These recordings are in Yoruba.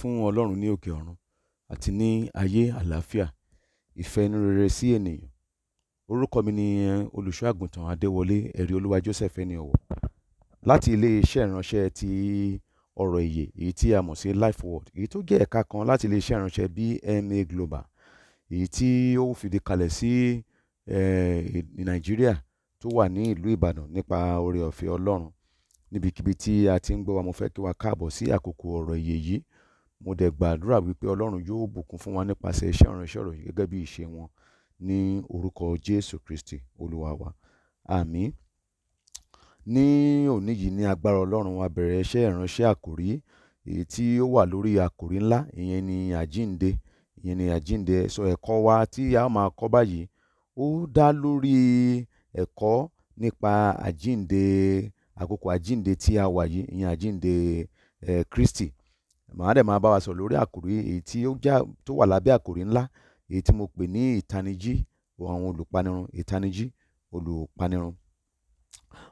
fún Ọlọ́run ní òkè ọ̀run àti ní ayé àlàáfíà ìfẹ́ inú rere sí ènìyàn orúkọ mi ni olùṣọ́ Adéwọlé ẹ̀rí olúwa Joseph ẹni ọ̀wọ̀ láti ilé-iṣẹ́ ìránṣẹ́ ti ọ̀rọ̀ ìyè èyí tí a mọ̀ sí Life Word èyí tó jẹ́ ẹ̀ka kan láti ilé-iṣẹ́ ìránṣẹ́ BMA Global èyí tí ó fìdí kalẹ̀ sí Nàìjíríà tó wà ní ìlú Ìbàdàn nípa oore ọ̀fẹ́ Ọlọ́run níbikíbi tí a ti ń gbọ́ wa mo fẹ́ kí wa káàbọ̀ sí àkókò ọ̀rọ̀ ìyè yìí Mo dẹ̀ gbàdúrà wípé Ọlọ́run yóò bùkún fún wọn nípasẹ̀ iṣẹ́ ìránṣẹ́ ọ̀rọ̀ yìí gẹ́gẹ́ bí ìṣe wọn ní orúkọ Jésù Kristi Olúwa wa. Àmín. Ní òní yìí ní agbára Ọlọ́run a bẹ̀rẹ̀ iṣẹ́ ìránṣẹ́ àkòrí èyí tí ó wà lórí àkòrí ńlá, ìyẹn ni àjíǹde, ìyẹn ni àjíǹde. So ẹ̀kọ́ wa tí a máa kọ́ báyìí ó dá lórí ẹ̀kọ́ nípa àjíǹde, àkókò àjíǹde tí a wà yìí, ìyẹn àjíǹde, eh, Kristi màá dẹ̀ máa bá wa sọ̀rọ̀ lórí àkòrí èyí tí ó já tó wà lábẹ́ àkòrí ńlá èyí tí mo pè ní ìtanijí àwọn olùpanirun ìtanijí olùpanirun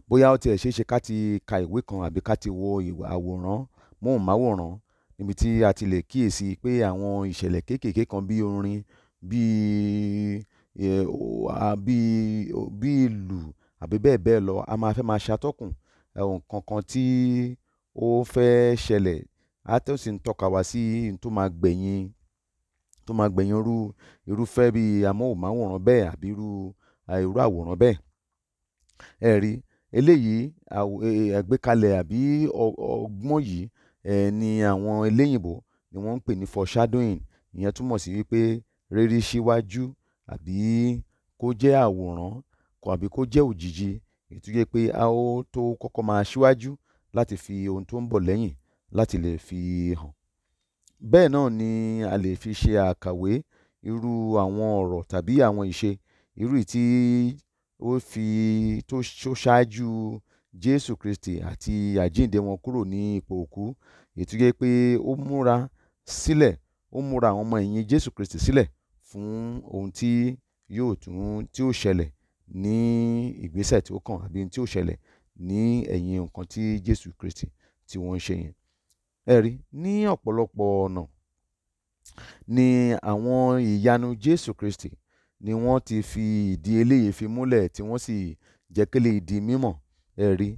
bóyá ó tiẹ̀ ṣeé ṣe ká ti ka ìwé kan àbí ká ti wo àwòrán móhùnmáwòrán níbi tí a ti lè kíyèsí pé àwọn ìṣẹ̀lẹ̀ kéékèèké kan bí orin bí bí àbí bẹ́ẹ̀ bẹ́ẹ̀ lọ a máa fẹ́ máa ṣàtọ́kùn nǹkan kan tí ó fẹ́ ṣẹlẹ̀ a tó sì ń tọ́ka wá sí tó máa gbẹ̀yìn tó máa gbẹ̀yìn irú irúfẹ́ bí amóhùnmáwòrán bẹ́ẹ̀ àbí irú irú àwòrán bẹ́ẹ̀ ẹ rí eléyìí e, e, àgbékalẹ̀ àbí ọgbọ́n yìí ni àwọn eléyìnbó ni wọ́n ń pè ní foreshadowing ìyẹn túmọ̀ sí wípé rírí síwájú àbí kó jẹ́ àwòrán àbí kó jẹ́ òjìji ètò yẹ pé a ó tó kọ́kọ́ máa síwájú láti fi ohun tó ń bọ̀ lẹ́yìn láti lè fi hàn. Bẹ́ẹ̀ náà ni a lè fi ṣe àkàwé irú àwọn ọ̀rọ̀ tàbí àwọn ìṣe irúyìí tí ó fi tó ṣáájú Jésù Kristi àti àjíǹde wọn kúrò ní ipò òkú èyí tó jẹ́ pé ó múra sílẹ̀ ó múra àwọn ọmọ ẹ̀yìn Jésù Kristi sílẹ̀ fún ohun tí yóò tún tí ó ṣẹlẹ̀ ní ìgbésẹ̀ tí ó kàn àbí tí ó ṣẹlẹ̀ ní ẹ̀yìn nǹkan tí Jésù Kristi tí wọ́n ń ṣe yẹn. Ẹ̀rí, ní ọ̀pọ̀lọpọ̀ ọ̀nà ni àwọn ìyanu Jésù Kristì ni wọ́n ti fi ìdí eléyìí fi múlẹ̀ tí wọ́n sì jẹ́ kéléyìí di mímọ̀. Ẹ̀rí,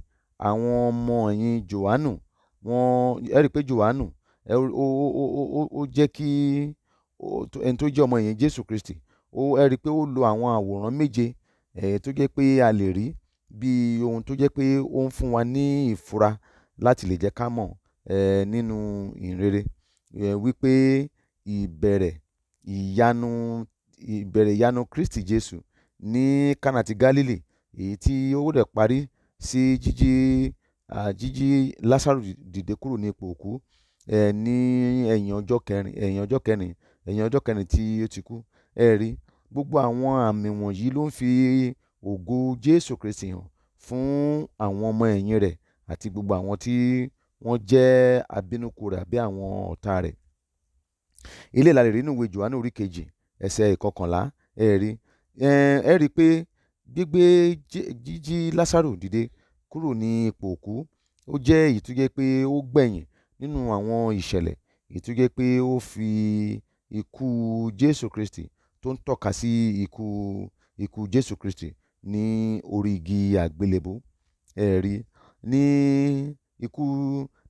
àwọn ọmọ ẹ̀yìn Jòhánù wọ́n ẹ rí i pé Jòhánù ó ó ó ó jẹ́ kí ẹni tó jẹ́ ọmọ ẹ̀yìn Jésù Kristì ó ẹ rí pé ó lo àwọn àwòrán méje tó jẹ́ pé a lè rí bí ohun tó jẹ́ pé ó ń fún wa ní ìfura láti lè jẹ́ ká mọ̀ eh, nínú ìhìnrere eh, wípé ìbẹ̀rẹ̀ ìyanu ìbẹ̀rẹ̀ ìyanu kristi jésù ní kánà ti galili èyí tí ó rẹ̀ parí sí jíjí jíjí lásàrò dìde kúrò ní ipò òkú eh, ní ẹ̀yìn ọjọ́ kẹrin ẹ̀yìn ọjọ́ kẹrin ẹ̀yìn ọjọ́ kẹrin tí ó ti kú ẹ rí gbogbo àwọn àmì wọ̀nyí ló ń fi ògo jésù kristi hàn fún àwọn ọmọ ẹ̀yìn rẹ̀ àti gbogbo àwọn tí wọ́n jẹ́ abínúkù rẹ̀ àbí àwọn ọ̀tá rẹ̀ ilé ìlàlè rí nínú ìwé Jòhánù orí kejì ẹsẹ̀ ìkọkànlá ẹ rí ẹ rí pé gbígbé jíjí Lásárù dìde kúrò ní ipò òkú ó jẹ́ ìtújẹ́ pé ó gbẹ̀yìn nínú àwọn ìṣẹ̀lẹ̀ ìtújẹ́ pé ó fi ikú Jésù Kristi tó ń tọ́ka sí ikú ikú Jésù Kristi ní orí igi àgbélébú ẹ rí ní ikú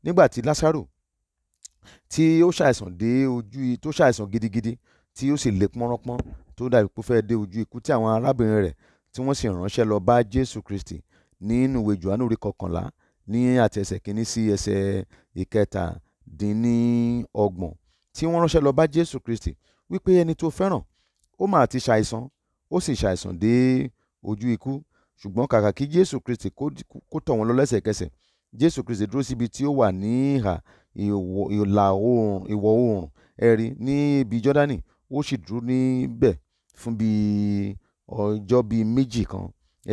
nígbà tí lásárò tí ó ṣàìsàn dé ojú tó ṣàìsàn gidigidi tí ó sì le pọ́nrọ́pọ́n tó dàbí pé ó fẹ́ dé ojú ikú tí àwọn arábìnrin rẹ̀ tí wọ́n sì ránṣẹ́ lọ bá jésù kristi nínú ìwé johannu orí kọkànlá ní àti ẹsẹ̀ kínní sí ẹsẹ̀ ìkẹtàdínníọgbọ̀n tí wọ́n ránṣẹ́ lọ bá jésù kristi wípé ẹni tó fẹ́ràn ó mà ti ṣàìsàn ó sì ṣàìsàn dé ojú ikú ṣùgbọ́n kàkà kí jésù kristi kó tọ̀ wọ́n lọ lẹ́sẹ̀kẹsẹ̀ jésù kristi dúró síbi tí ó wà ní ìhà ìlà oòrùn ìwọ̀ oòrùn ẹ̀rí ní ibi jọ́dánì ó sì dúró níbẹ̀ fún bí ọjọ́ bíi méjì kan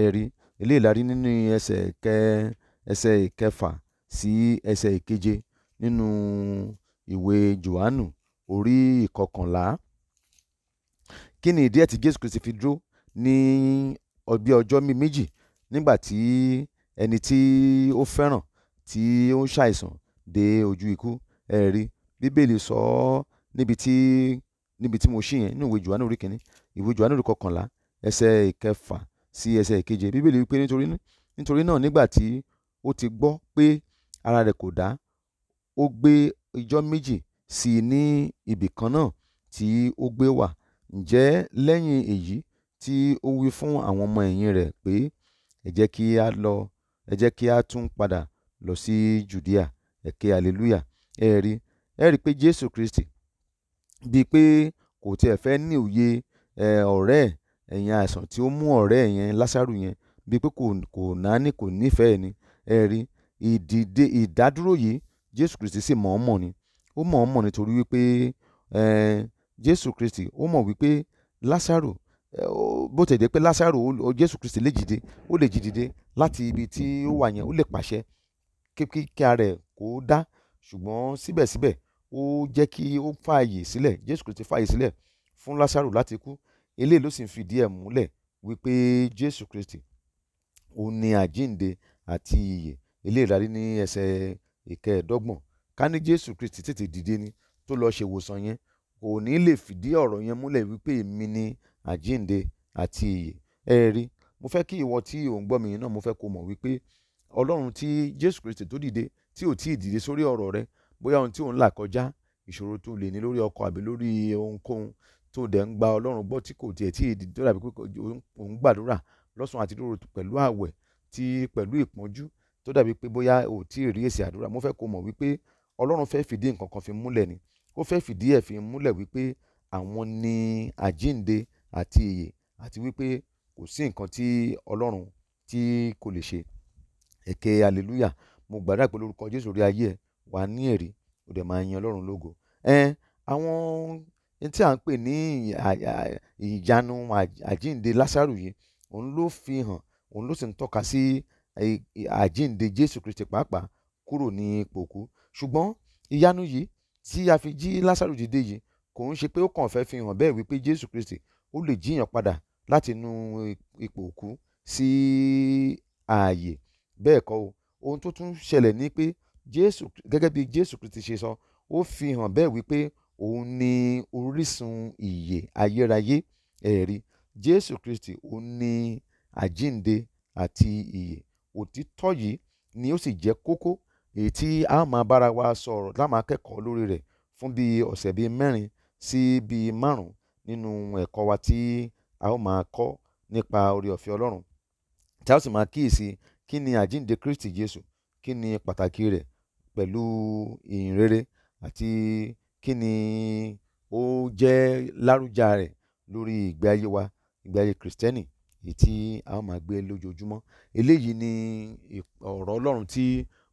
ẹ̀rí eléyìí la rí nínú ẹsẹ̀ kẹ ẹsẹ̀ ìkẹfà sí ẹsẹ̀ ìkeje nínú ìwé johannu orí ìkọkànlá kí ni ìdí ẹ̀ tí jésù kristi fi dúró ní ọbí ọjọ́ méjì nígbà tí ẹni tí ó fẹ́ràn tí ó ń ṣàìsàn dé ojú ikú ẹ rí bíbélì sọ ọ́ níbi tí níbi tí mo ṣí yẹn nínú ìwé johannu orí kìíní ìwé johannu orí kọkànlá ẹsẹ̀ ìkẹfà sí ẹsẹ̀ ìkeje bíbélì wípé nítorí nítorí náà nígbà tí ó ti gbọ́ pé ara rẹ̀ kò dá ó gbé ijọ́ méjì sí i ní ibì kan náà tí ó gbé wà ǹjẹ́ lẹ́yìn èyí tí ó wí fún àwọn ọmọ ẹ̀yìn rẹ̀ pé ẹ jẹ́ kí a lọ ẹ jẹ́ kí a tún padà lọ sí judea ẹ̀kẹ́ hallelujah ẹ rí ẹ rí pé jésù kristi bíi pé kò tiẹ̀ fẹ́ ní òye ọ̀rẹ́ ẹ̀yìn àìsàn tí ó mú ọ̀rẹ́ yẹn lásàrù yẹn bíi pé kò náání kò nífẹ̀ẹ́ ni ẹ rí ìdìde ìdádúró yìí jésù kristi sì mọ̀ọ́mọ̀ ni ó mọ̀ọ́mọ̀ nítorí wípé jésù kristi ó mọ̀ wípé lásàrù bó tẹ̀ dé pé lásàrò jésù kristi lè jìde ó lè jìdìde láti ibi tí ó wà yẹn ó lè pàṣẹ kí kíka rẹ̀ kò dá ṣùgbọ́n síbẹ̀síbẹ̀ ó jẹ́ kí ó fààyè sílẹ̀ jésù kristi fààyè sílẹ̀ fún lásàrò láti kú eléyìí ló sì ń fìdí ẹ̀ múlẹ̀ wípé jésù kristi òun ni àjínde àti ìyè eléyìí la rí ní ẹsẹ̀ ìkẹẹ̀ẹ́dọ́gbọ̀n ká ní jésù kristi tètè dìde ni tó lọ́ọ́ ṣe ìwòsàn yẹn kò ní lè fìdí ọ̀rọ̀ yẹn múlẹ̀ wípé èmi ni àjínde àti ìyè ẹ rí mo fẹ́ kí ìwọ tí ò ń gbọ́ mi náà mo fẹ́ kó mọ̀ wípé ọlọ́run tí jésù kristi tó dìde tí ò tí ì dìde sórí ọ̀rọ̀ rẹ bóyá ohun tí ò ń là kọjá ìṣòro tó lè ní lórí ọkọ àbí lórí ohunkóhun tó dẹ̀ ń gba ọlọ́run gbọ́ tí kò tiẹ̀ tí ì dìde tó dàbí pé òun gbàdúrà lọ́sàn-án àti lóru pẹ̀lú àwẹ̀ tí pẹ̀lú ìpọ́njú tó dàbí pé bóyá ò tí ì rí èsì àdúrà mo fẹ́ kó mọ̀ wípé ọlọ́run fẹ́ fìdí nǹkan kan fi múlẹ̀ ni ó fẹ́ fìdí ẹ̀ fi múlẹ̀ wípé àwọn ni àjínde àti ìyè àti wípé kò sí nǹkan tí ọlọ́run tí kò lè ṣe èké hallelujah mo gbàdúrà pé lórúkọ jésù rí ayé ẹ wà ní ẹ̀rí ó dẹ̀ máa yan ọlọ́run lógo ẹn àwọn ohun tí a ń pè ní ìyanu àjíǹde lásàrò yìí òun ló fi hàn òun ló sì ń tọ́ka sí àjíǹde jésù kristi pàápàá kúrò ní ipò òkú ṣùgbọ́n ìyanu yìí tí a fi jí lásàrò dìde yìí kò ń ṣe pé ó kàn fẹ́ fi hàn bẹ́ẹ̀ wípé jésù kristi ó lè jíyàn padà láti inú ipò òkú sí ààyè bẹ́ẹ̀ kọ́ o ohun tó tún ṣẹlẹ̀ ni pé jésù gẹ́gẹ́ bí jésù kristi ṣe sọ ó fi hàn bẹ́ẹ̀ wípé òun ni orísun ìyè ayérayé ẹ̀rí jésù kristi òun ni àjínde àti ìyè òtítọ́ yìí ni ó sì jẹ́ kókó èyí tí a máa bára wa sọ̀rọ̀ láwọn akẹ́kọ̀ọ́ lórí rẹ̀ fún bíi ọ̀sẹ̀ bíi mẹ́rin sí bíi márùn-ún nínú ẹ̀kọ́ wa tí a ó máa kọ́ nípa oore ọ̀fẹ́ ọlọ́run tí a ó sì máa kíyèsí kí ni àjíǹde kristi jésù kí ni pàtàkì rẹ̀ pẹ̀lú ìyìn rere àti kí ni ó jẹ́ lárújá rẹ̀ lórí ìgbé ayé wa ìgbé ayé kristẹni èyí tí a máa gbé lójoojúmọ́ eléyìí ni ọ̀rọ̀ ọlọ́run tí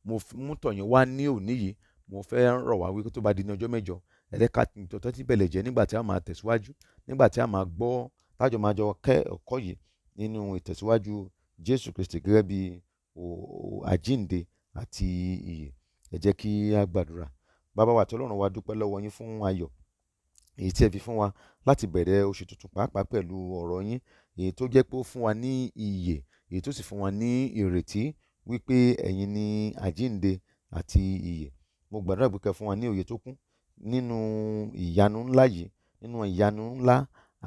mo mú tọ̀yìn wá ní òní yìí mo fẹ́ rọ̀ wá wípé tó bá di ní ọjọ́ mẹ́jọ ẹ̀rẹ́ka tọ́tọ́ tí bẹ̀lẹ̀ jẹ́ nígbà tí a máa tẹ̀síwájú nígbà tí a máa gbọ́ tájọ máa jọ kẹ́ ẹ̀kọ́ yìí nínú ìtẹ̀síwájú jésù kristi gẹ́gẹ́ bíi àjíǹde àti ìyè. Ẹ jẹ́ kí a gbàdúrà. Baba wa àti Ọlọ́run wa dúpẹ́ lọ́wọ́ yín fún ayọ̀ èyí tí ẹ fi fún wa láti bẹ̀rẹ̀ oṣù tuntun pàápàá pẹ̀lú ọ̀rọ̀ yín èyí tó jẹ́ pé ó fún wa ní ìyè èyí tó sì fún wa ní ìrètí wípé ẹ̀yin ni àjíǹde àti ìyè. Mo gbàdúrà pé kí ẹ fún wa ní òye tó kún nínú ìyanu ńlá yìí, nínú ìyanu ńlá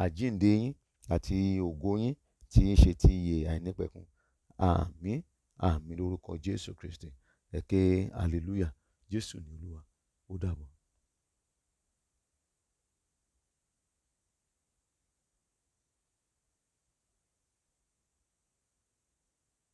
àjíǹde yín àti ògo yín tí í ṣe ti ìyè àìnípẹ̀kun. Àmín àmín lórúkọ Jésù Kristi ẹ ké hallelujah Jésù ni Olúwa ó dàbọ̀.